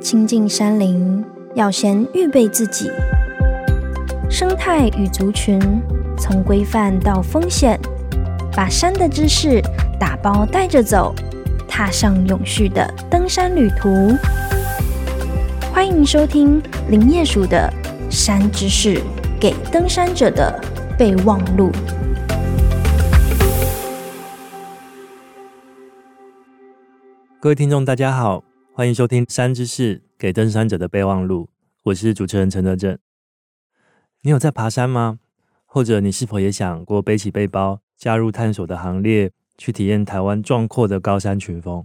親近山林，要先預備自己。生態與族群，從規範到風險，把山的知識打包帶着走，踏上永續的登山旅途。歡迎收聽林業署的《山知識給登山者的備忘錄》。各位聽眾，大家好。歡迎收聽《山知識》，給登山者的備忘錄。我是主持人陳德政。你有在爬山嗎？或者你是否也想過背起背包，加入探索的行列，去體驗台灣壯闊的高山群峰？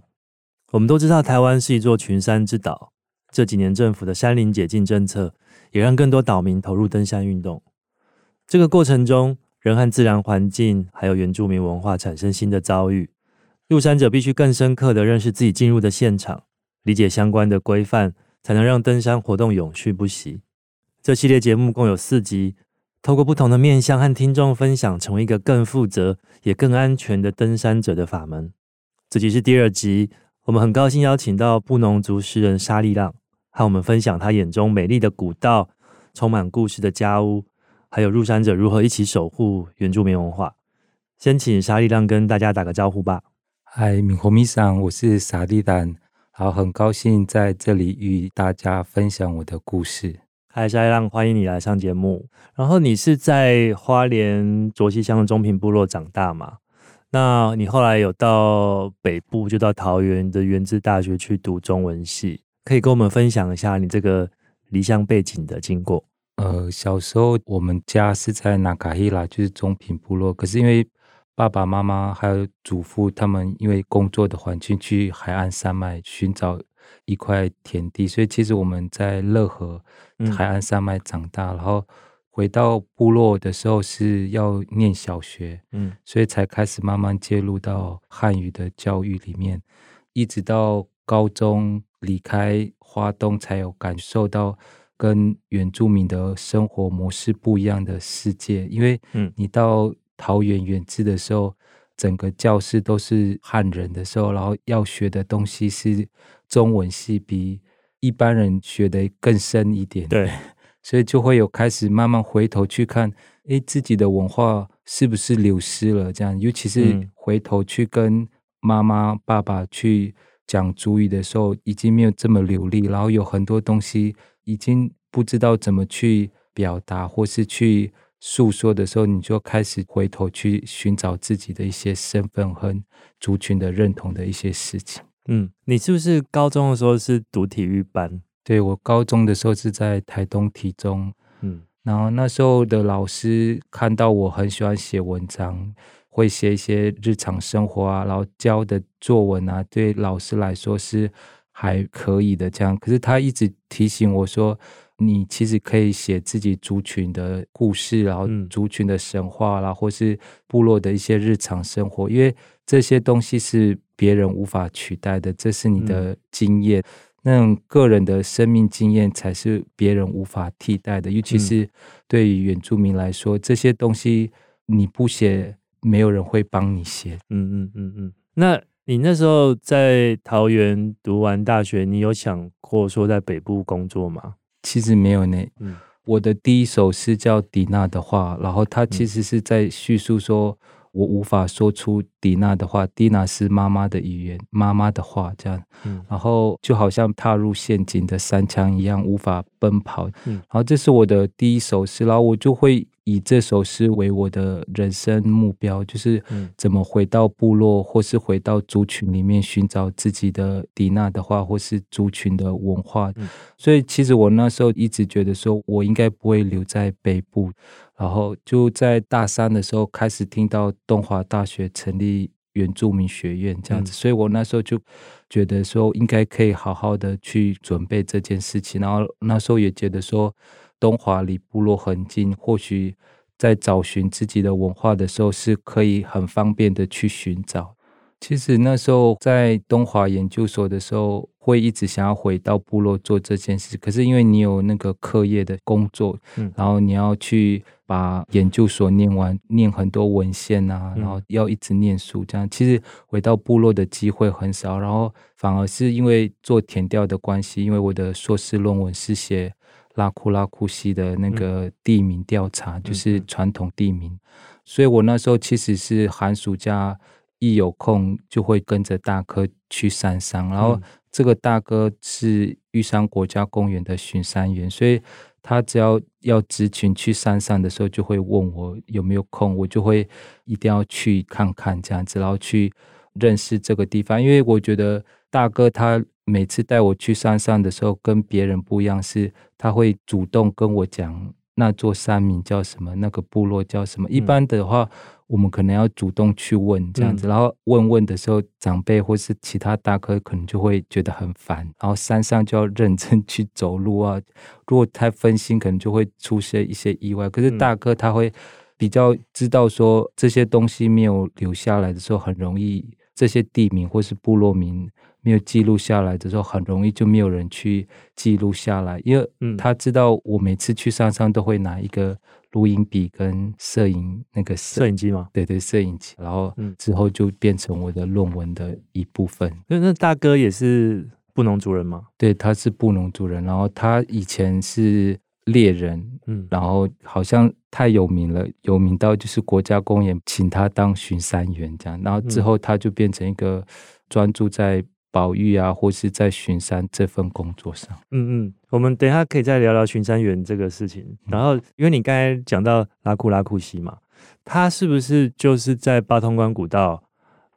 我們都知道，台灣是一座群山之島。這幾年政府的山林解禁政策，也讓更多島民投入登山運動。這個過程中，人和自然環境，還有原住民文化產生新的遭遇。入山者必須更深刻地認識自己進入的現場。理解相關的規範，才能讓登山活動永續不息。這系列節目共有四集，透過不同的面向和聽眾分享，成為一個更負責也更安全的登山者的法門。這集是第二集，我們很高興邀請到布農族詩人沙力浪，和我們分享他眼中美麗的古道、充滿故事的家屋，還有入山者如何一起守護原住民文化。先請沙力浪跟大家打個招呼吧。嗨，米呼米桑，我是沙力浪。好，很高興在這裡與大家分享我的故事。嗨，沙力浪，歡迎你來上節目。然後你是在花蓮卓溪鄉的中平部落長大嗎？那你後來有到北部，就到桃園的元智大學去讀中文系，可以跟我們分享一下你這個離鄉背景的經過？呃，小時候我們家是在那卡伊拉，就是中平部落，可是因為爸爸媽媽還有祖父，他們因為工作的環境去海岸山脈尋找一塊田地，所以其實我們在樂和海岸山脈長大，嗯，然後回到部落的時候是要念小學，嗯，所以才開始慢慢介入到漢語的教育裡面，一直到高中離開花東，才有感受到跟原住民的生活模式不一樣的世界，因為嗯，你到桃園元智的時候，整個教室都是漢人的時候，然後要學的東西是中文系，比一般人學的更深一點。對， 所以就會有開始慢慢回頭去看，哎，自己的文化是不是流失了？這樣，尤其是回頭去跟媽媽、嗯、爸爸去講族語的時候，已經沒有這麼流利，然後有很多東西已經不知道怎麼去表達，或是去。述說的時候，你就開始回頭去尋找自己的一些身份和族群的認同的一些事情。嗯，你是不是高中的時候是讀體育班？對，我高中的時候是在台東體中，嗯，然後那時候的老師看到我很喜歡寫文章，會寫一些日常生活啊，然後教的作文啊，對老師來說是還可以的這樣，可是他一直提醒我說，你其實可以寫自己族群的故事，然後族群的神話啦，或是部落的一些日常生活，因為這些東西是別人無法取代的，這是你的經驗，嗯、那個人的生命經驗才是別人無法替代的。尤其是對於原住民來說，這些東西你不寫，沒有人會幫你寫。嗯嗯嗯嗯。那你那時候在桃園讀完大學，你有想過說在北部工作嗎？其實沒有呢、嗯，我的第一首詩叫《笛娜的話》，然後它其實是在敘述說，我無法說出笛娜的話。笛、嗯、娜是媽媽的語言，媽媽的話這樣、嗯。然後就好像踏入陷阱的山羌一樣，無法奔跑、嗯。然後這是我的第一首詩，然後我就會。以這首詩為我的人生目標，就是怎麼回到部落或是回到族群裡面尋找自己的笛娜的話，或是族群的文化。嗯、所以，其實我那時候一直覺得說，我應該不會留在北部。然後就在大三的時候，開始聽到東華大學成立原住民學院這樣子，嗯、所以我那時候就覺得說，應該可以好好的去準備這件事情。然後那時候也覺得說。東華離部落很近，或許在找尋自己的文化的時候，是可以很方便的去尋找。其實那時候在東華研究所的時候，會一直想要回到部落做這件事。可是因為你有那個課業的工作，嗯、然後你要去把研究所念完，嗯，念很多文獻啊，然後要一直念書，這樣其實回到部落的機會很少。然後反而是因為做田調的關係，因為我的碩士論文是寫拉庫拉庫溪的那個地名調查，嗯、就是傳統地名、嗯嗯。所以我那時候其實是寒暑假一有空就會跟着大哥去山上、嗯，然後這個大哥是玉山國家公園的巡山員，所以他只要要執勤去山上的時候，就會問我有沒有空，我就會一定要去看看這樣子，然後去認識這個地方，因為我覺得大哥他。每次帶我去山上的時候，跟別人不一樣，是他會主動跟我講那座山名叫什麼，那個部落叫什麼。一般的話，嗯，我們可能要主動去問這樣子，然後問問的時候，長輩或是其他大哥可能就會覺得很煩，嗯。然後山上就要認真去走路啊，如果太分心，可能就會出現一些意外。可是大哥他會比較知道說，說這些東西沒有留下來的時候，很容易這些地名或是部落名。沒有記錄下來的時候，很容易就沒有人去記錄下來，因為他知道我每次去山上，上都會拿一個錄音筆跟攝影那個對對攝影機嘛。對對，攝影機，然後之後就變成我的論文的一部分。那那大哥也是布農族人嗎？對，他是布農族人，然後他以前是獵人，嗯，然後好像太有名了，有名到就是國家公園請他當巡山員這樣，然後之後他就變成一個專注在。保育啊，或是在巡山這份工作上，嗯嗯，我們等一下可以再聊聊巡山員這個事情，嗯。然後，因為你剛才講到拉庫拉庫溪嘛，他是不是就是在八通關古道？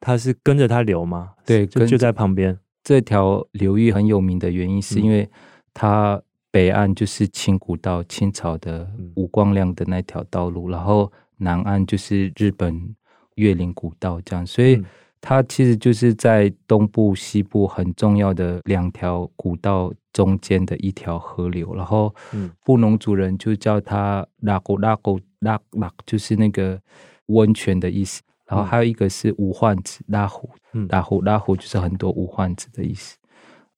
他是跟着他流嗎？對，就就在旁邊。這條流域很有名的原因，是因為它北岸就是清古道，清朝的吳光亮的那條道路，嗯，然後南岸就是日本越嶺古道，這樣，所以，嗯。它其實就是在東部、西部很重要的兩條古道中間的一條河流，然後嗯，布農族人就叫它拉古拉古拉拉，就是那個溫泉的意思。然後還有一個是無患子拉湖，拉湖拉湖，就是很多無患子的意思。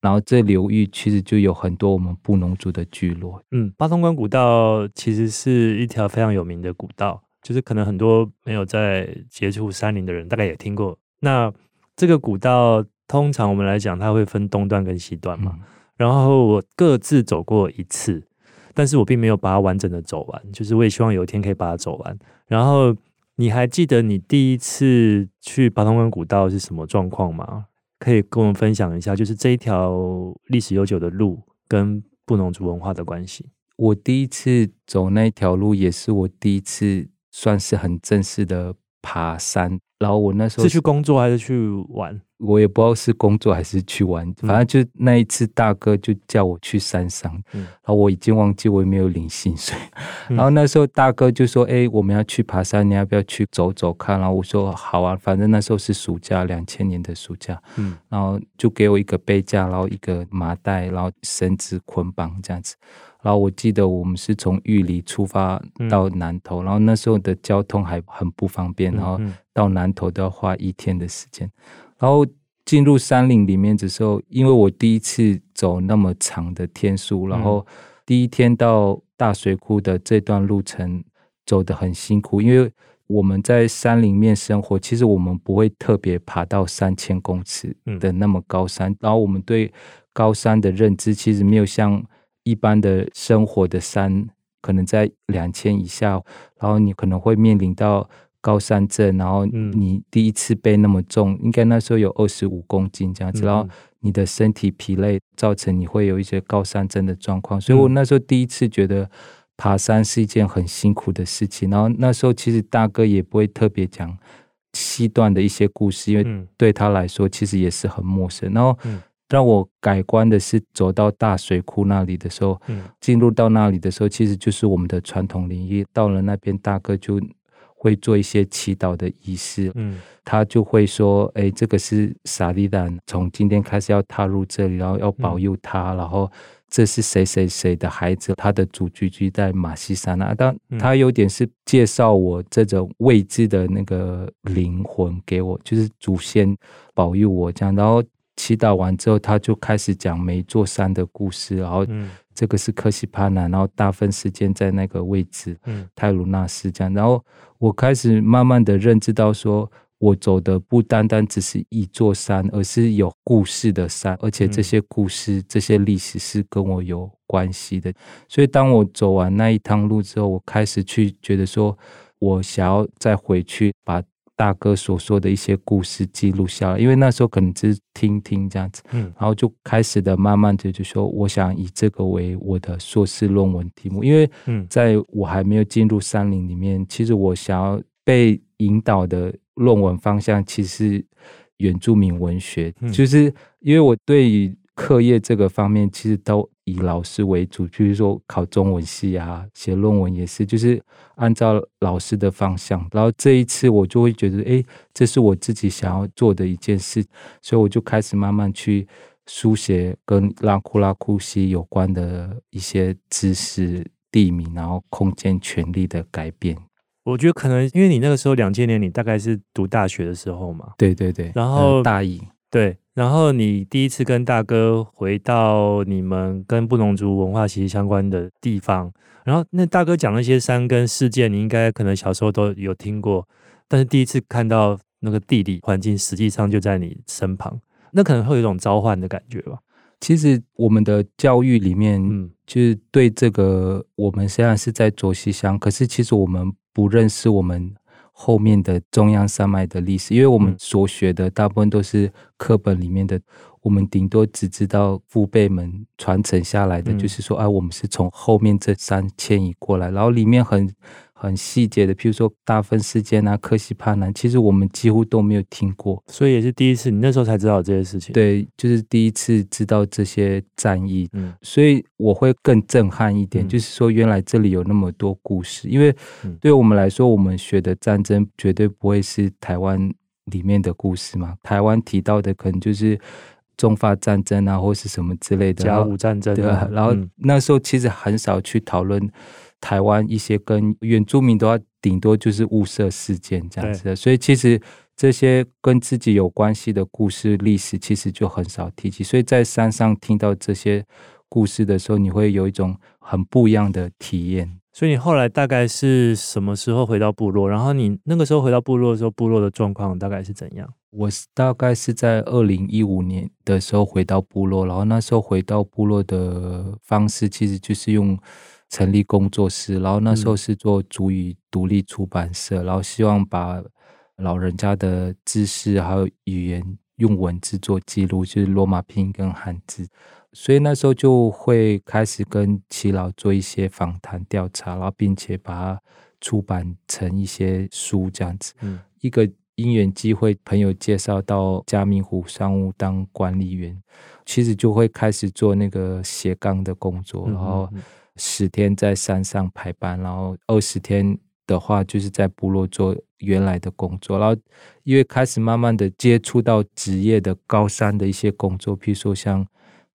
然後這流域其實就有很多我們布農族的聚落。嗯，八通關古道其實是一條非常有名的古道，就是可能很多沒有在接觸山林的人，大概也聽過。那這個古道，通常我們來講，它會分東段跟西段嘛，嗯。然後我各自走過一次，但是我並沒有把它完整的走完，就是我也希望有一天可以把它走完。然後你還記得你第一次去八通關古道是什麼狀況嗎？可以跟我們分享一下，就是這一條歷史悠久的路跟布農族文化的關係。我第一次走那一條路，也是我第一次算是很正式的爬山。然後我那時候是，是去工作還是去玩？我也不知道是工作還是去玩，反正就那一次，大哥就叫我去山上。嗯、然後我已經忘記我有沒有領薪水、嗯。然後那時候大哥就說：“哎、欸，我們要去爬山，你要不要去走走看？”然後我說：“好啊。”反正那時候是暑假，兩千年的暑假。嗯，然後就給我一個背架，然後一個麻袋，然後繩子捆綁這樣子。然後我記得我們是從玉里出發到南投、嗯，然後那時候的交通還很不方便，然後到南投都要花一天的時間。然後進入山林裡面的時候，因為我第一次走那麼長的天數，然後第一天到大水庫的這段路程走得很辛苦，因為我們在山裡面生活，其實我們不會特別爬到三千公尺的那麼高山、嗯，然後我們對高山的認知其實沒有像一般的生活的山可能在兩千以下，然後你可能會面臨到。高山症，然後你第一次背那麼重，嗯、應該那時候有二十五公斤這樣子，然後你的身體疲累，造成你會有一些高山症的狀況、嗯，所以我那時候第一次覺得爬山是一件很辛苦的事情。然後那時候其實大哥也不會特別講西段的一些故事，因為對他來說其實也是很陌生。然後讓我改觀的是走到大水庫那裡的時候，進入到那裡的時候，其實就是我們的傳統領域到了那邊，大哥就。會做一些祈禱的儀式，嗯，他就會說，哎、欸，這個是沙力浪，從今天開始要踏入這裡，然後要保佑他，嗯、然後這是誰誰誰的孩子，他的祖居居在馬西山啊，但他有點是介紹我這種未知的那個靈魂給我，就是祖先保佑我這樣，然後。祈禱完之後，他就開始講每座山的故事。然後，這個是科西帕南，然後大分時間在那個位置，嗯、泰盧納斯這樣。然後，我開始慢慢的認知到說，說我走的不單單只是一座山，而是有故事的山，而且這些故事、嗯、這些歷史是跟我有關係的、嗯。所以，當我走完那一趟路之後，我開始去覺得說，我想要再回去把。大哥所說的一些故事記錄下來，因為那時候可能只是聽聽這樣子，嗯，然後就開始的，慢慢的就說我想以這個為我的碩士論文題目，因為嗯，在我還沒有進入山林裡面，其實我想要被引導的論文方向其實是原住民文學，嗯，就是因為我對於課業這個方面其實都。以老師為主，比如說考中文系啊，寫論文也是，就是按照老師的方向。然後這一次我就會覺得，哎、欸，這是我自己想要做的一件事，所以我就開始慢慢去書寫跟拉庫拉庫溪有關的一些知識、地名，然後空間權力的改變。我覺得可能因為你那個時候兩千年，你大概是讀大學的時候嘛。對對對，然後、嗯、大一。對，然後你第一次跟大哥回到你們跟布農族文化息息相關的地方，然後那大哥講那些山跟事件，你應該可能小時候都有聽過，但是第一次看到那個地理環境，實際上就在你身旁，那可能會有一種召喚的感覺吧。其實我們的教育裡面，嗯，就是對這個，我們雖然是在卓溪鄉，可是其實我們不認識我們。後面的中央山脈的歷史，因為我們所學的大部分都是課本裡面的，我們頂多只知道父輩們傳承下來的，就是說，啊，我們是從後面這山遷移過來，然後裡面很，很細節的，譬如說大分事件啊、科西帕南，其實我們幾乎都沒有聽過，所以也是第一次。你那時候才知道這些事情，對，就是第一次知道這些戰役，嗯、所以我會更震撼一點。嗯、就是說，原來這裡有那麼多故事，因為對我們來說，我們學的戰爭絕對不會是台灣裡面的故事嘛。台灣提到的可能就是中法戰爭啊，或是什麼之類的甲午、嗯、戰爭、啊，對、嗯、然後那時候其實很少去討論。台灣一些跟原住民的話，頂多就是霧社事件這樣子的，所以其實，這些跟自己有關係的故事歷史，其實就很少提及。所以，在山上聽到這些故事的時候，你會有一種很不一樣的體驗。所以，你後來大概是什麼時候回到部落？然後你那個時候回到部落的時候，部落的狀況大概是怎樣？我是大概是在二零一五年的時候回到部落，然後那時候回到部落的方式其實就是用。成立工作室，然後那時候是做主語獨立出版社，嗯，然後希望把老人家的知識還有語言用文字做記錄，就是羅馬拼音跟漢字。所以那時候就會開始跟耆老做一些訪談調查，然後並且把它出版成一些書這樣子，嗯。一個因緣機會，朋友介紹到嘉明湖山屋當管理員，其實就會開始做那個斜槓的工作，然後。十天在山上排班，然後二十天的話就是在部落做原來的工作，然後因為開始慢慢的接觸到職業的高山的一些工作，譬如說像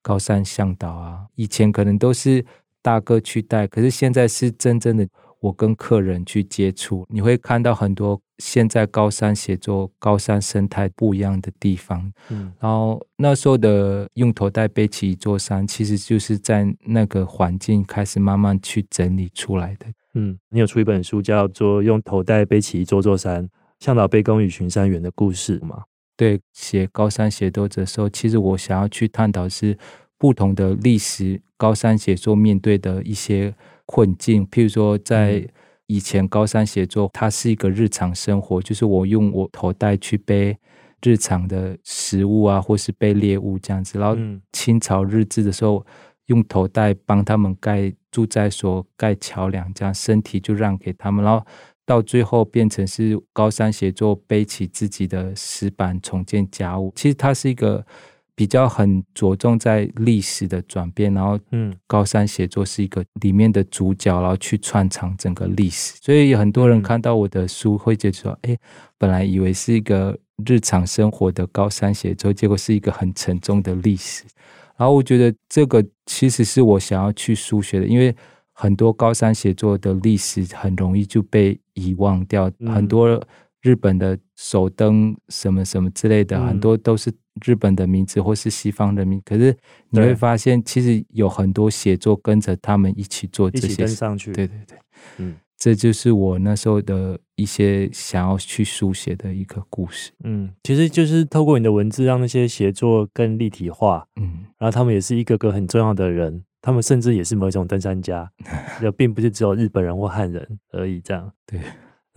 高山向導啊，以前可能都是大哥去帶，可是現在是真正的。我跟客人去接觸，你會看到很多現在高山協作、高山生態不一樣的地方。嗯，然後那時候的用頭帶背起一座山，其實就是在那個環境開始慢慢去整理出來的。嗯，你有出一本書叫做《用頭帶背起一座座山：嚮導背工與巡山員的故事》嗎？對，寫高山協作者的時候，其實我想要去探討是不同的歷史，高山協作面對的一些。困境，譬如說在以前高山協作、嗯，它是一個日常生活，就是我用我頭帶去背日常的食物啊，或是背獵物這樣子。然後清朝日治的時候，嗯、用頭帶幫他們蓋駐在所、蓋橋梁，這樣身體就讓給他們。然後到最後變成是高山協作背起自己的石板重建家屋，其實它是一個。比較很着重在歷史的轉變，然後，嗯，高山協作是一個裡面的主角，然後去穿插整個歷史，所以有很多人看到我的書會覺得說，哎、欸，本來以為是一個日常生活的高山協作，結果是一個很沉重的歷史。然後我覺得這個其實是我想要去書寫的，因為很多高山協作的歷史很容易就被遺忘掉，很、嗯、多。日本的首登什麼什麼之類的、嗯，很多都是日本的名字或是西方的名字、嗯。可是你會發現，其實有很多協作跟着他們一起做這些跟上去，對對對，嗯，這就是我那時候的一些想要去書寫的一個故事。嗯，其實就是透過你的文字，讓那些協作更立體化。嗯，然後他們也是一個個很重要的人，他們甚至也是某種登山家，那 並不是只有日本人或漢人而已。這樣，對。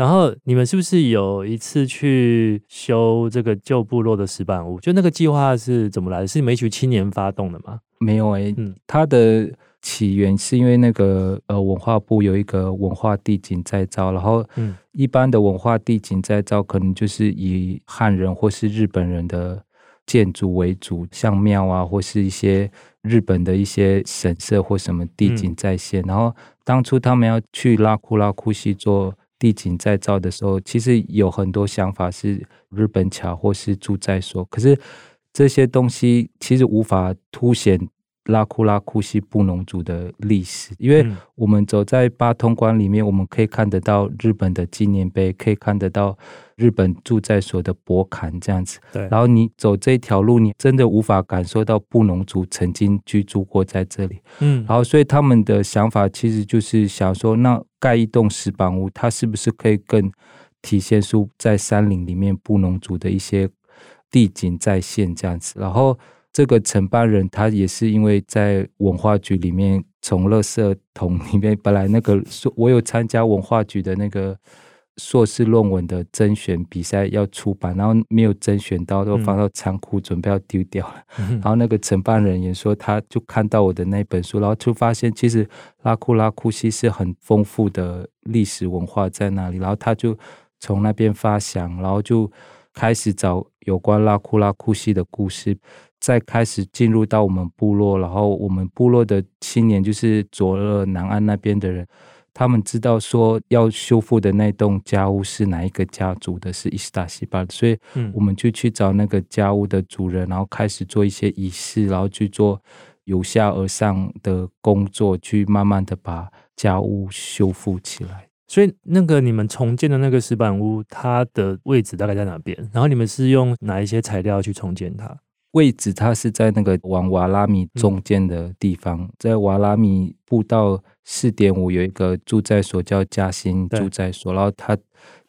然後你們是不是有一次去修這個舊部落的石板屋？就那個計劃是怎麼來的？是梅許青年發動的嗎？沒有哎、欸嗯，它的起源是因為那個呃文化部有一個文化地景再造，然後嗯，一般的文化地景再造可能就是以漢人或是日本人的建築為主，像廟啊或是一些日本的一些神社或什麼地景再現，嗯。然後當初他們要去拉庫拉庫溪做。地景再造的時候，其實有很多想法是日本橋或是駐在所，可是這些東西其實無法凸顯。拉庫拉庫溪布農族的歷史，因為我們走在八通關裡面，嗯，我們可以看得到日本的紀念碑，可以看得到日本駐在所的駁坎這樣子。對，然後你走這條路，你真的無法感受到布農族曾經居住過在這裡。嗯，然後所以他們的想法其實就是想說，那蓋一棟石板屋，它是不是可以更體現出在山林裡面布農族的一些地景再現這樣子？然後。這個承辦人他也是因為在文化局裡面從垃圾桶裡面，本來那個書我有參加文化局的那個碩士論文的甄選比賽要出版，然後沒有甄選到，都放到倉庫準備要丟掉了。然後那個承辦人也說，他就看到我的那本書，然後就發現其實拉庫拉庫溪是很豐富的歷史文化在那裡，然後他就從那邊發想，然後就。開始找有關拉庫拉庫溪的故事，再開始進入到我們部落，然後我們部落的青年就是卓樂南岸那邊的人，他們知道說要修復的那棟家屋是哪一個家族的，是伊斯達西巴，所以，嗯，我們就去找那個家屋的主人，嗯，然後開始做一些儀式，然後去做由下而上的工作，去慢慢的把家屋修復起來。所以那個你們重建的那個石板屋，它的位置大概在哪邊？然後你們是用哪一些材料去重建它？位置它是在那個往瓦拉米中間的地方，嗯，在瓦拉米步道四點五有一個駐在所叫佳心駐在所，然後它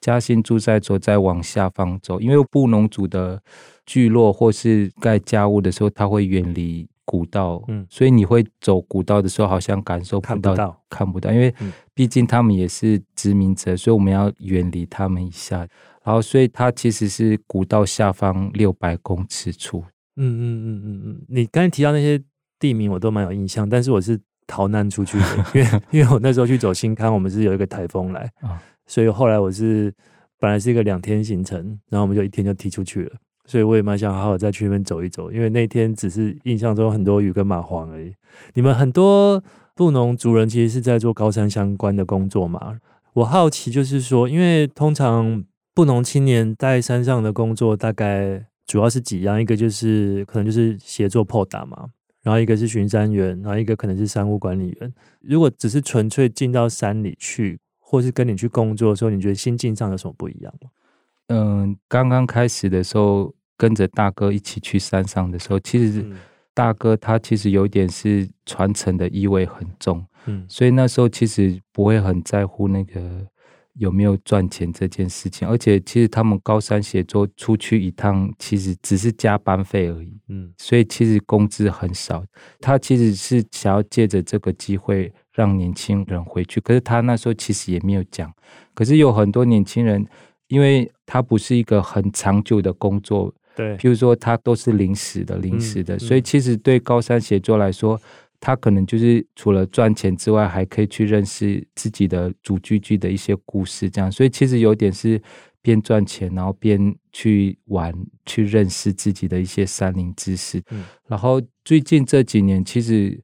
佳心駐在所再往下方走，因為布農族的聚落或是蓋家屋的時候，它會遠離。古道，嗯，所以你會走古道的時候，好像感受不到、嗯、看不到，看不到，因為畢竟他們也是殖民者，嗯、所以我們要遠離他們一下。然後，所以它其實是古道下方六百公尺處。嗯嗯嗯嗯嗯，你剛才提到那些地名，我都蠻有印象。但是我是逃難出去的， 因為因為我那時候去走新康，我們是有一個台風來、嗯，所以後來我是本來是一個兩天行程，然後我們就一天就踢出去了。所以我也蠻想好好再去那邊走一走，因為那天只是印象中很多雨跟螞蟥而已。你們很多布農族人其實是在做高山相關的工作嘛？我好奇就是說，因為通常布農青年在山上的工作大概主要是幾樣，一個就是可能就是協作破打嘛，然後一個是巡山員，然後一個可能是山屋管理員。如果只是純粹進到山裡去，或是跟你去工作的時候，你覺得心境上有什麼不一樣嗎？嗯、呃，剛剛開始的時候。跟着大哥一起去山上的時候，其實大哥他其實有點是傳承的意味很重，嗯，所以那時候其實不會很在乎那個有沒有賺錢這件事情。而且其實他們高山協作出去一趟，其實只是加班費而已，嗯，所以其實工資很少。他其實是想要借着這個機會讓年輕人回去，可是他那時候其實也沒有講。可是有很多年輕人，因為他不是一個很長久的工作。對，譬如說他都是臨時的，嗯、臨時的、嗯，所以其實對高山協作來說，嗯、他可能就是除了賺錢之外，還可以去認識自己的主劇劇的一些故事，這樣。所以其實有點是邊賺錢，然後邊去玩，去認識自己的一些山林知識。嗯、然後最近這幾年其實。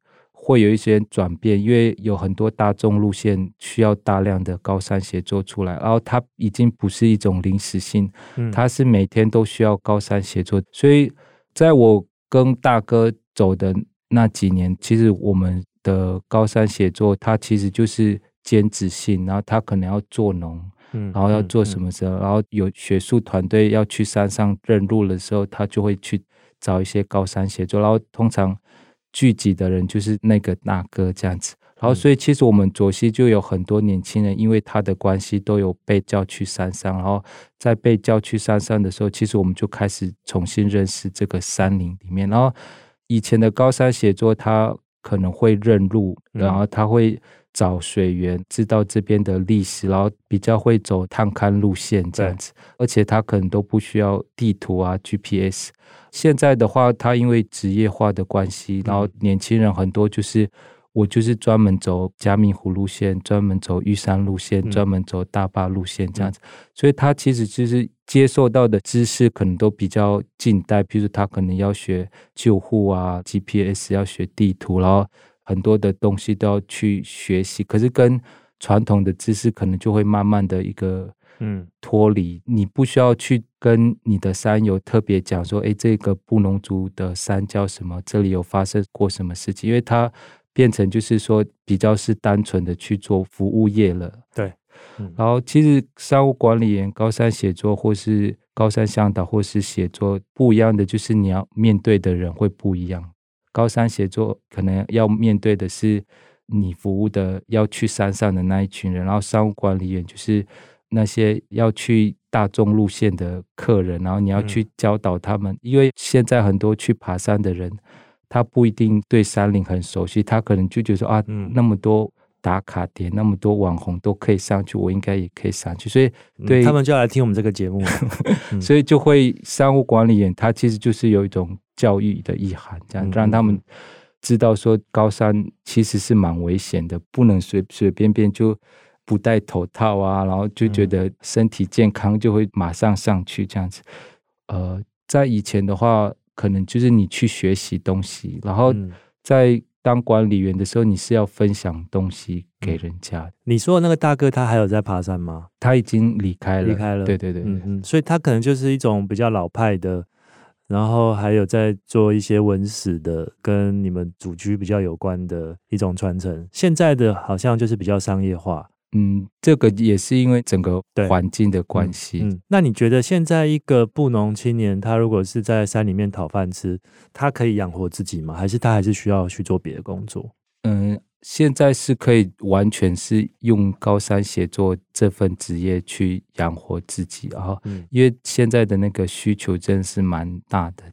會有一些轉變，因為有很多大眾路線需要大量的高山協作出來，然後它已經不是一種臨時性，它是每天都需要高山協作。嗯、所以，在我跟大哥走的那幾年，其實我們的高山協作，它其實就是兼職性，然後他可能要做農，然後要做什麼時候、嗯嗯嗯，然後有學術團隊要去山上認路的時候，他就會去找一些高山協作，然後通常。聚集的人就是那個大哥這樣子，然後所以其實我們卓溪就有很多年輕人，因為他的關係都有被叫去山上，然後在被叫去山上的時候，其實我們就開始重新認識這個山林裡面。然後以前的高山協作，他可能會認路，然後他會。找水源，知道這邊的歷史，然後比較會走探勘路線這樣子，而且他可能都不需要地圖啊 GPS。現在的話，他因為職業化的關係，然後年輕人很多就是、嗯、我就是專門走嘉明湖路線，專門走玉山路線、嗯，專門走大霸路線這樣子、嗯，所以他其實就是接受到的知識可能都比較近代，譬如他可能要學救護啊 GPS，要學地圖，然後。很多的東西都要去學習，可是跟傳統的知識可能就會慢慢的一個嗯脫離。你不需要去跟你的山友特別講說，哎、欸，這個布農族的山叫什麼？這裡有發生過什麼事情？因為它變成就是說比較是單純的去做服務業了。對，嗯、然後其實山屋管理員、高山協作或是高山向導或是協作不一樣的，就是你要面對的人會不一樣。高山協作可能要面對的是你服務的要去山上的那一群人，然後山屋管理員就是那些要去大眾路線的客人，然後你要去教導他們，嗯、因為現在很多去爬山的人，他不一定對山林很熟悉，他可能就覺得說啊、嗯，那麼多打卡點，那麼多網紅都可以上去，我應該也可以上去，所以對、嗯、他們就要來聽我們這個節目， 所以就會山屋管理員他其實就是有一種。教育的意涵，這樣讓他們知道說，高山其實是蠻危險的，不能隨隨便便就不戴頭套啊，然後就覺得身體健康就會馬上上去這樣子。呃，在以前的話，可能就是你去學習東西，然後在當管理員的時候，你是要分享東西給人家。嗯、你說的那個大哥他還有在爬山嗎？他已經離開了，離開了。對對對，對，嗯，所以他可能就是一種比較老派的。然後還有在做一些文史的，跟你們祖居比較有關的一種傳承。現在的好像就是比較商業化，嗯，這個也是因為整個環境的關係。嗯，嗯，那你覺得現在一個布農青年，他如果是在山裡面討飯吃，他可以養活自己嗎？還是他還是需要去做別的工作？嗯。現在是可以完全是用高山協作這份職業去養活自己啊、哦，因為現在的那個需求真是蠻大的。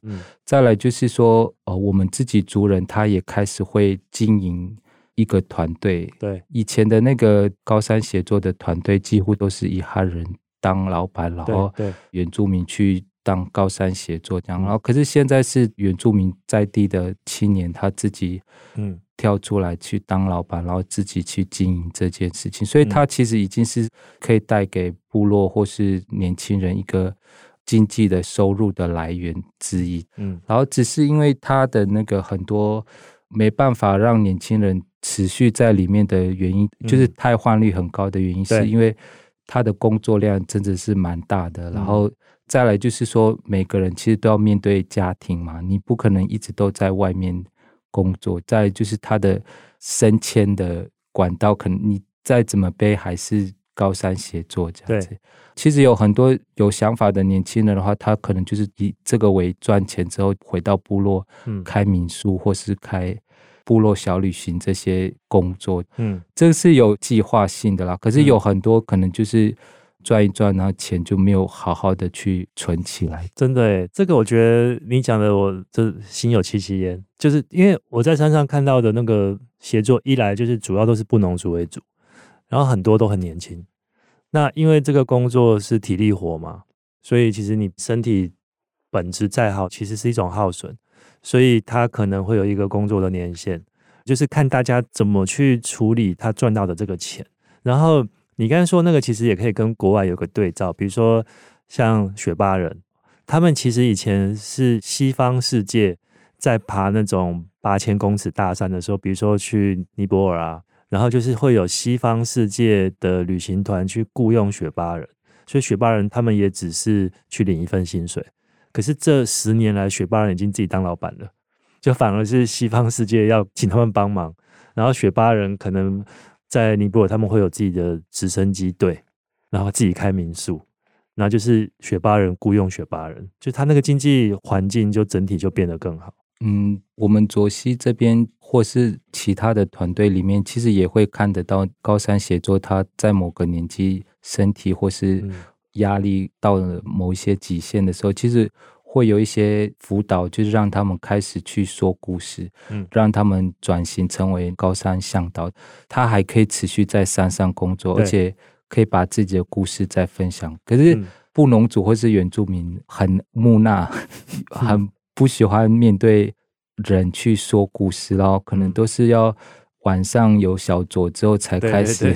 再來就是說、哦，我們自己族人他也開始會經營一個團隊。對，以前的那個高山協作的團隊幾乎都是以漢人當老板，然後原住民去。當高山協作這樣，然後可是現在是原住民在地的青年他自己嗯跳出來去當老闆、嗯，然後自己去經營這件事情，所以他其實已經是可以帶給部落或是年輕人一個經濟的收入的來源之一。嗯，然後只是因為他的那個很多沒辦法讓年輕人持續在裡面的原因，嗯、就是汰換率很高的原因、嗯，是因為他的工作量真的是蠻大的，嗯、然後。再來就是說，每個人其實都要面對家庭嘛，你不可能一直都在外面工作。再就是他的升遷的管道，可能你再怎麼背還是高山協作這樣子。其實有很多有想法的年輕人的話，他可能就是以這個為賺錢之後回到部落，開民宿或是開部落小旅行這些工作，嗯，這是有計劃性的啦。可是有很多可能就是。賺一賺，然後錢就沒有好好的去存起來。真的、欸，這個我覺得你講的，我這心有戚戚焉。就是因為我在山上看到的那個協作，一來就是主要都是布農族為主，然後很多都很年輕。那因為這個工作是體力活嘛，所以其實你身體本質再好，其實是一種耗損，所以他可能會有一個工作的年限，就是看大家怎麼去處理他賺到的這個錢，然後。你剛才說那個其實也可以跟國外有個對照，比如說像雪巴人，他們其實以前是西方世界在爬那種八千公尺大山的時候，比如說去尼泊爾啊，然後就是會有西方世界的旅行團去僱傭雪巴人，所以雪巴人他們也只是去領一份薪水。可是這十年來，雪巴人已經自己當老闆了，就反而是西方世界要請他們幫忙，然後雪巴人可能。在尼泊爾，他們會有自己的直升機隊，然後自己開民宿，那就是雪巴人僱傭雪巴人，就他那個經濟環境就整體就變得更好。嗯，我們卓溪這邊或是其他的團隊裡面，其實也會看得到高山協作。他在某個年紀身體或是壓力到了某一些極限的時候，嗯、其實。會有一些輔導，就是讓他們開始去說故事，嗯，讓他們轉型成為高山向導，他還可以持續在山上工作，而且可以把自己的故事再分享。可是，布農族或是原住民很木訥，嗯、 很不喜歡面對人去說故事咯然後，可能都是要晚上有小酌之後才開始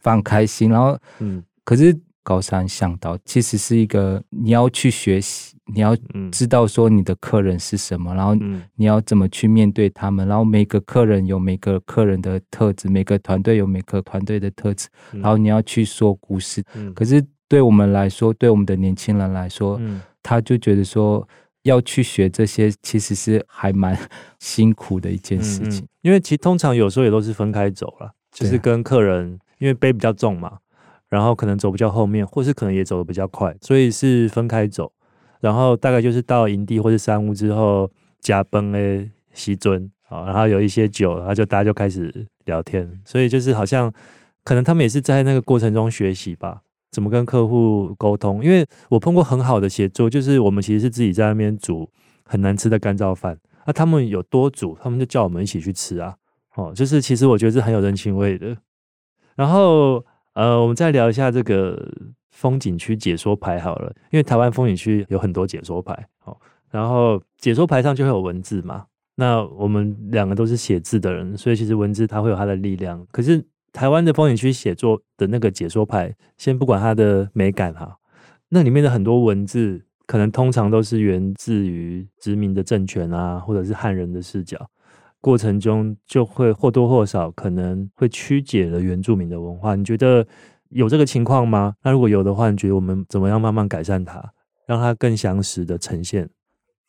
放 開心。然後，嗯，可是高山向導其實是一個你要去學習。你要知道說你的客人是什麼，嗯、然後你要怎麼去面對他們，嗯，然後每個客人有每個客人的特質，每個團隊有每個團隊的特質，嗯、然後你要去說故事，嗯。可是對我們來說，對我們的年輕人來說，嗯、他就覺得說要去學這些，其實是還蠻辛苦的一件事情，嗯嗯。因為其實通常有時候也都是分開走了，就是跟客人因為背比較重嘛，然後可能走比較後面，或是可能也走得比較快，所以是分開走。然後大概就是到營地或者山屋之後，加崩誒，西尊啊，然後有一些酒，然後就大家就開始聊天，所以就是好像可能他們也是在那個過程中學習吧，怎麼跟客戶溝通。因為我碰過很好的協作，就是我們其實是自己在那邊煮很難吃的乾燥飯，啊，他們有多煮，他們就叫我們一起去吃啊，哦，就是其實我覺得是很有人情味的。然後呃，我們再聊一下這個。風景區解說牌好了，因為台灣風景區有很多解說牌，好，然後解說牌上就會有文字嘛。那我們兩個都是寫字的人，所以其實文字它會有它的力量。可是台灣的風景區寫作的那個解說牌，先不管它的美感哈，那裡面的很多文字可能通常都是源自於殖民的政權啊，或者是漢人的視角，過程中就會或多或少可能會曲解了原住民的文化。你覺得？有這個情況嗎？那如果有的話，你覺得我們怎麼樣慢慢改善它，讓它更詳實的呈現？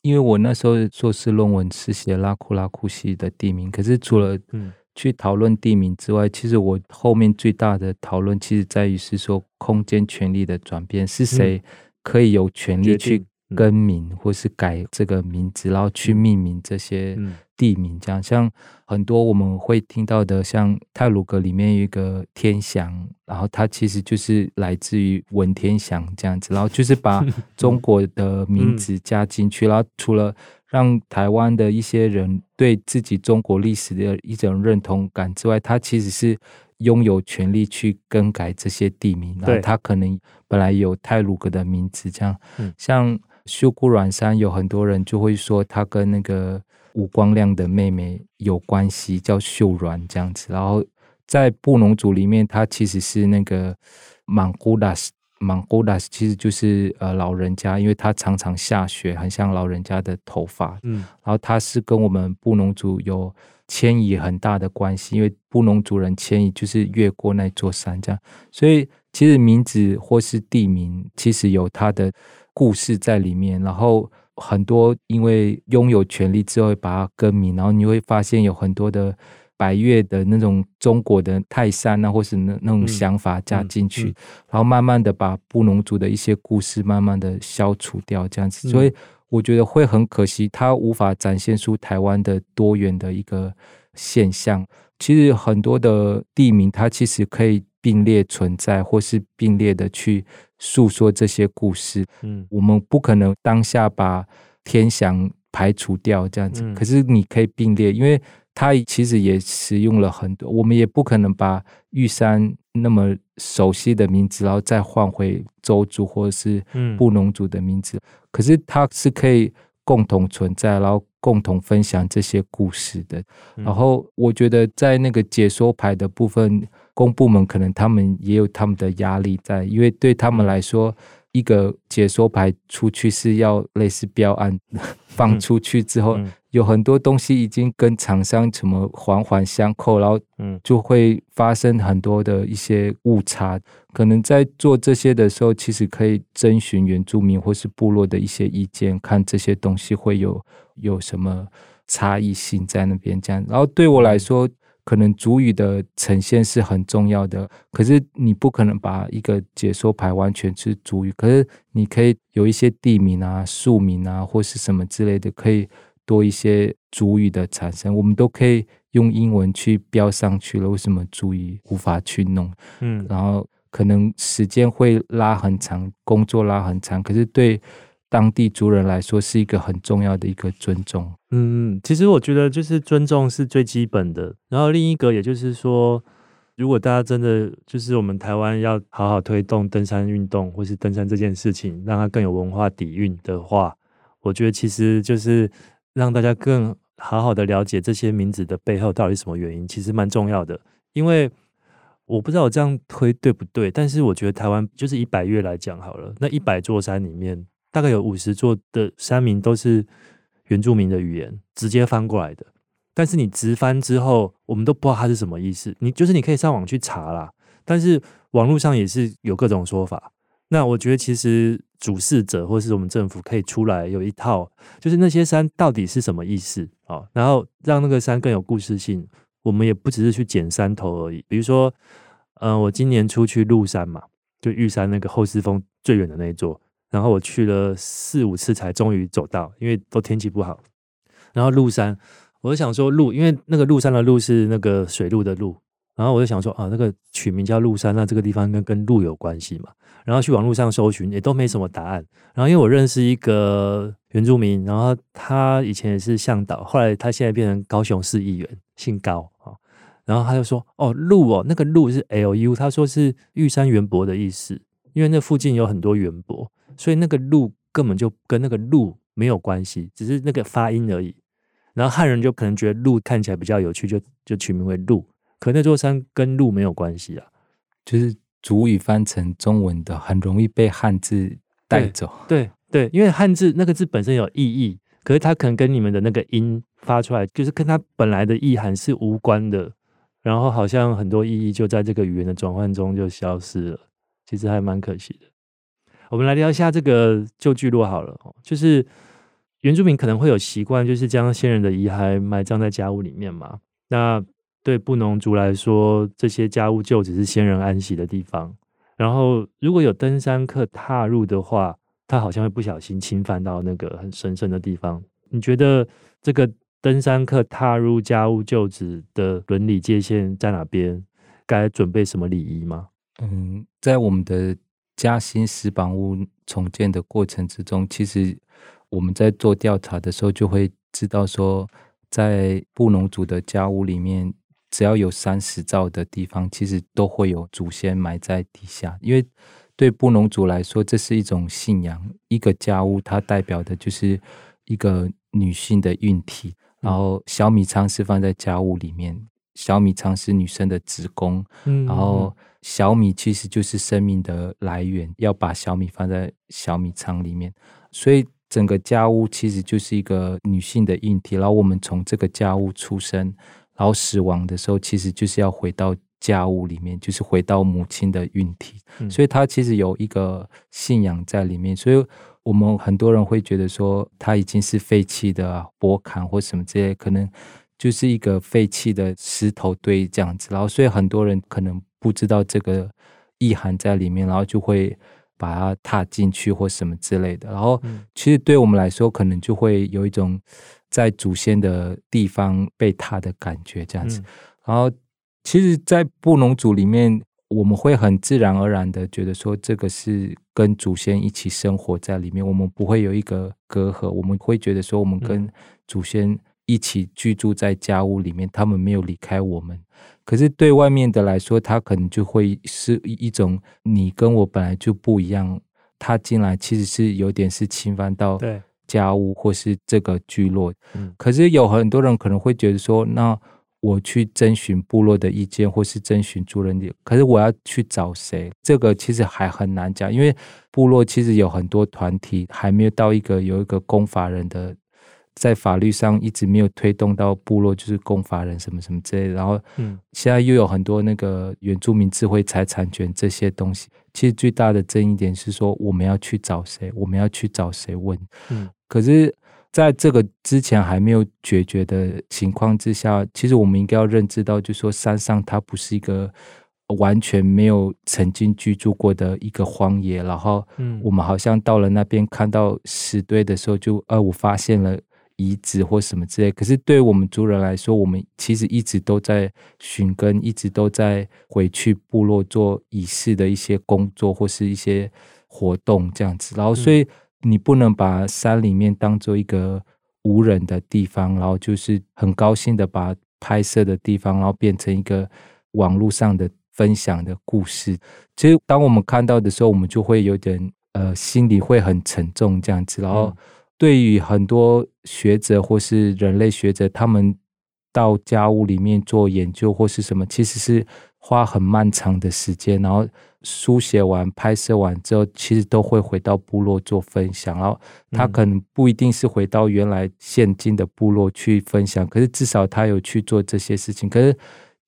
因為我那時候碩士論文是寫拉庫拉庫溪的地名，可是除了去討論地名之外，嗯，其實我後面最大的討論，其實在於是說空間權力的轉變，嗯、是誰可以有權利去更名，或是改這個名字，然後去命名這些地名。這樣像很多我們會聽到的，像太魯閣裡面有一個天祥，然後它其實就是來自於文天祥這樣子，然後就是把中國的名字加進去， 嗯、然後除了讓台灣的一些人對自己中國歷史的一種認同感之外，它其實是擁有權利去更改這些地名，然後它可能本來有太魯閣的名字，這樣、嗯、像。秀姑巒山有很多人就會說，他跟那個吳光亮的妹妹有關係，叫秀軟這樣子。然後在布農族裡面，他其實是那個莽古 n g 古 d 其實就是呃老人家，因為他常常下雪，很像老人家的頭髮。嗯，然後他是跟我們布農族有遷移很大的關係，因為布農族人遷移就是越過那座山，這樣。所以其實名字或是地名，其實有它的。故事在裡面，然後很多因為擁有權力之後把它更名，然後你會發現有很多的百岳的那種中國的泰山啊，或是那那種想法加進去、嗯嗯嗯，然後慢慢的把布農族的一些故事慢慢的消除掉，這樣子。所以我覺得會很可惜，它無法展現出台灣的多元的一個現象。其實很多的地名，它其實可以。並列存在，或是並列的去訴說這些故事。嗯，我們不可能當下把天祥排除掉這樣子，可是你可以並列，因為它其實也使用了很多。我們也不可能把玉山那麼熟悉的名字，然後再換回鄒族、或是布農族的名字。可是它是可以共同存在，然後共同分享這些故事的。然後我覺得在那個解說牌的部分，公部門可能他們也有他們的壓力在，因為對他們來說，一個解說牌出去是要類似標案放出去之後，嗯嗯、有很多東西已經跟廠商什麼環環相扣，然後就會發生很多的一些誤差、嗯。可能在做這些的時候，其實可以徵詢原住民或是部落的一些意見，看這些東西會有有什麼差異性在那邊。這樣，然後對我來說。嗯可能族語的呈現是很重要的，可是你不可能把一個解說牌完全是族語，可是你可以有一些地名啊、樹名啊或是什麼之類的，可以多一些族語的產生。我們都可以用英文去標上去了，為什麼族語無法去弄？嗯，然後可能時間會拉很長，工作拉很長，可是對，當地族人來說，是一個很重要的一個尊重。嗯，其實我覺得就是尊重是最基本的。然後另一個，也就是說，如果大家真的就是我們台灣要好好推動登山運動，或是登山這件事情，讓它更有文化底蘊的話，我覺得其實就是讓大家更好好的了解這些名字的背後到底什麼原因，其實蠻重要的。因為我不知道我這樣推對不對，但是我覺得台灣就是以百岳來講好了，那一百座山裡面。大概有五十座的山名都是原住民的語言，直接翻過來的。但是你直翻之後，我們都不知道它是什麼意思。你就是你可以上網去查啦，但是網絡上也是有各種說法。那我覺得其實主事者或是我們政府可以出來有一套，就是那些山到底是什麼意思啊，哦。然後讓那個山更有故事性。我們也不只是去撿山頭而已。比如說，嗯、呃，我今年出去鹿山嘛，就玉山那個後四峰最遠的那一座。然後我去了四五次才終於走到，因為都天氣不好。然後鹿山，我就想說鹿，因為那個鹿山的鹿是那個水鹿的鹿。然後我就想說啊，那個取名叫鹿山，那這個地方跟跟鹿有關係嘛？然後去網路上搜尋也都沒什麼答案。然後因為我認識一個原住民，然後他以前也是向導，後來他現在變成高雄市議員，姓高啊。然後他就說哦鹿哦，那個鹿是 L U，他說是玉山圓柏的意思，因為那附近有很多圓柏。所以那個鹿根本就跟那個鹿沒有關係，只是那個發音而已。然後漢人就可能覺得鹿看起來比較有趣，就就取名為鹿。可那座山跟鹿沒有關係啊，就是族語翻成中文的，很容易被漢字帶走。對對,對，因為漢字那個字本身有意義，可是它可能跟你們的那個音發出來，就是跟它本來的意涵是無關的。然後好像很多意義就在這個語言的轉換中就消失了，其實還蠻可惜的。我們來聊一下這個舊聚落好了，就是原住民可能會有習慣，就是將先人的遺骸埋葬在家屋裡面嘛。那對布農族來說，這些家屋舊址是先人安息的地方。然後如果有登山客踏入的話，他好像會不小心侵犯到那個很神聖的地方。你覺得這個登山客踏入家屋舊址的倫理界限在哪邊？該準備什麼禮儀嗎？嗯，在我們的嘉興石板屋重建的過程之中，其實我們在做調查的時候就會知道說，在布農族的家屋裡面，只要有三十兆的地方，其實都會有祖先埋在地下。因為對布農族來說，這是一種信仰。一個家屋它代表的就是一個女性的孕體，嗯，然後小米倉是放在家屋裡面，小米倉是女生的子宮，然後。小米其實就是生命的來源，要把小米放在小米倉裡面，所以整個家屋其實就是一個女性的孕體。然後我們從這個家屋出生，然後死亡的時候，其實就是要回到家屋裡面，就是回到母親的孕體、嗯。所以它其實有一個信仰在裡面。所以我們很多人會覺得說，它已經是廢棄的博、啊、坎或什麼這些，可能就是一個廢棄的石頭堆這樣子。然後，所以很多人可能。不知道這個意涵在裡面，然後就會把它踏進去或什麼之類的。然後，其實對我們來說、嗯，可能就會有一種在祖先的地方被踏的感覺，這樣子。嗯、然後，其實，在布農族裡面，我們會很自然而然的覺得說，這個是跟祖先一起生活在裡面，我們不會有一個隔閡，我們會覺得說，我們跟祖先一起居住在家屋裡面，嗯、他們沒有離開我們。可是對外面的來說，他可能就會是一種你跟我本來就不一樣，他進來其實是有點是侵犯到家屋或是這個聚落。可是有很多人可能會覺得說，嗯、那我去徵詢部落的意見，或是徵詢主人，可是我要去找誰？這個其實還很難講，因為部落其實有很多團體還沒有到一個有一個公法人的。在法律上一直沒有推動到部落，就是公法人什麼什麼之類的。然後，嗯，現在又有很多那個原住民智慧財產權這些東西。其實最大的爭議點是說，我們要去找誰？我們要去找誰問？嗯，可是在這個之前還沒有解決的情況之下，其實我們應該要認知到，就說山上它不是一個完全沒有曾經居住過的一個荒野。然後，嗯，我們好像到了那邊看到石堆的時候，就，呃，我發現了。遺址或什麼之類，可是對於我們族人來說，我們其實一直都在尋根，一直都在回去部落做儀式的一些工作或是一些活動這樣子。然後，所以你不能把山裡面當做一個無人的地方，然後就是很高興的把拍攝的地方，然後變成一個網絡上的分享的故事。所以，當我們看到的時候，我們就會有點呃，心裡會很沉重這樣子。然後。對於很多學者或是人類學者，他們到家屋裡面做研究或是什麼，其實是花很漫長的時間，然後書寫完、拍攝完之後，其實都會回到部落做分享。然後他可能不一定是回到原來現今的部落去分享，可是至少他有去做這些事情。可是，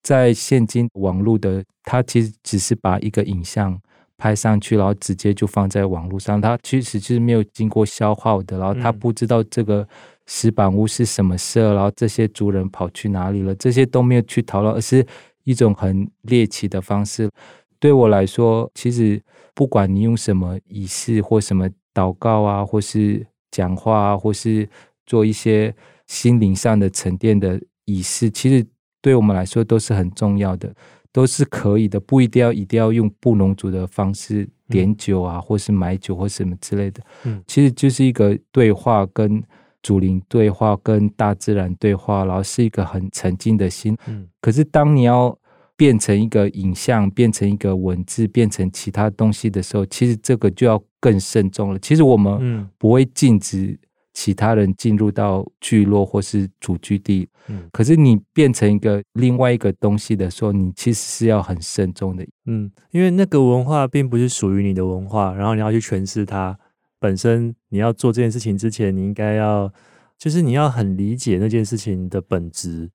在現今網絡的，他其實只是把一個影像，拍上去，然後直接就放在網路上。他其實就是沒有經過消耗的，然後他不知道這個石板屋是什麼色、嗯，然後這些族人跑去哪裡了，這些都沒有去討論，而是一種很獵奇的方式。對我來說，其實不管你用什麼儀式或什麼禱告啊，或是講話啊，或是做一些心靈上的沉澱的儀式，其實對我們來說都是很重要的。都是可以的，不一定要一定要用布農族的方式點酒啊，嗯、或是買酒或什麼之類的。嗯，其實就是一個對話，跟祖靈對話，跟大自然對話，然後是一個很沉靜的心。嗯，可是當你要變成一個影像，變成一個文字，變成其他東西的時候，其實這個就要更慎重了。其實我們嗯不會禁止，其他人進入到聚落或是祖居地，嗯，可是你變成一個另外一個東西的時候，你其實是要很慎重的，嗯，因為那個文化並不是屬於你的文化，然後你要去詮釋它本身。你要做這件事情之前，你應該要就是你要很理解那件事情的本質，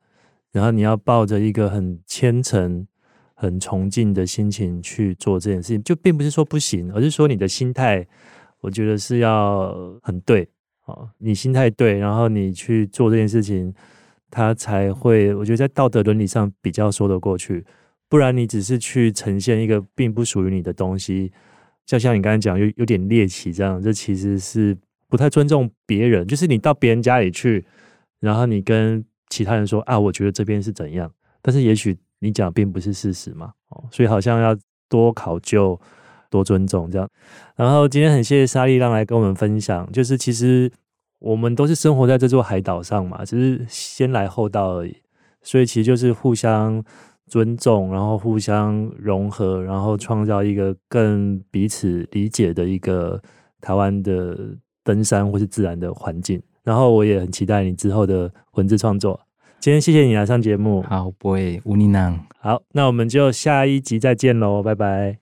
然後你要抱着一個很虔誠、很崇敬的心情去做這件事情，就並不是說不行，而是說你的心態，我覺得是要很對。哦，你心態對，然後你去做這件事情，他才會，我覺得在道德倫理上比較說得過去。不然你只是去呈現一個並不屬於你的東西，就像你剛才講，有有點獵奇這樣，這其實是不太尊重別人。就是你到別人家裡去，然後你跟其他人說啊，我覺得這邊是怎樣，但是也許你講並不是事實嘛。哦，所以好像要多考究。多尊重這樣，然後今天很謝謝沙力浪來跟我們分享，就是其實我們都是生活在這座海島上嘛，只是先來後到而已，所以其實就是互相尊重，然後互相融合，然後創造一個更彼此理解的一個台灣的登山或是自然的環境。然後我也很期待你之後的文字創作。今天謝謝你來上節目，好，不會無你南。好，那我們就下一集再見嘍，拜拜。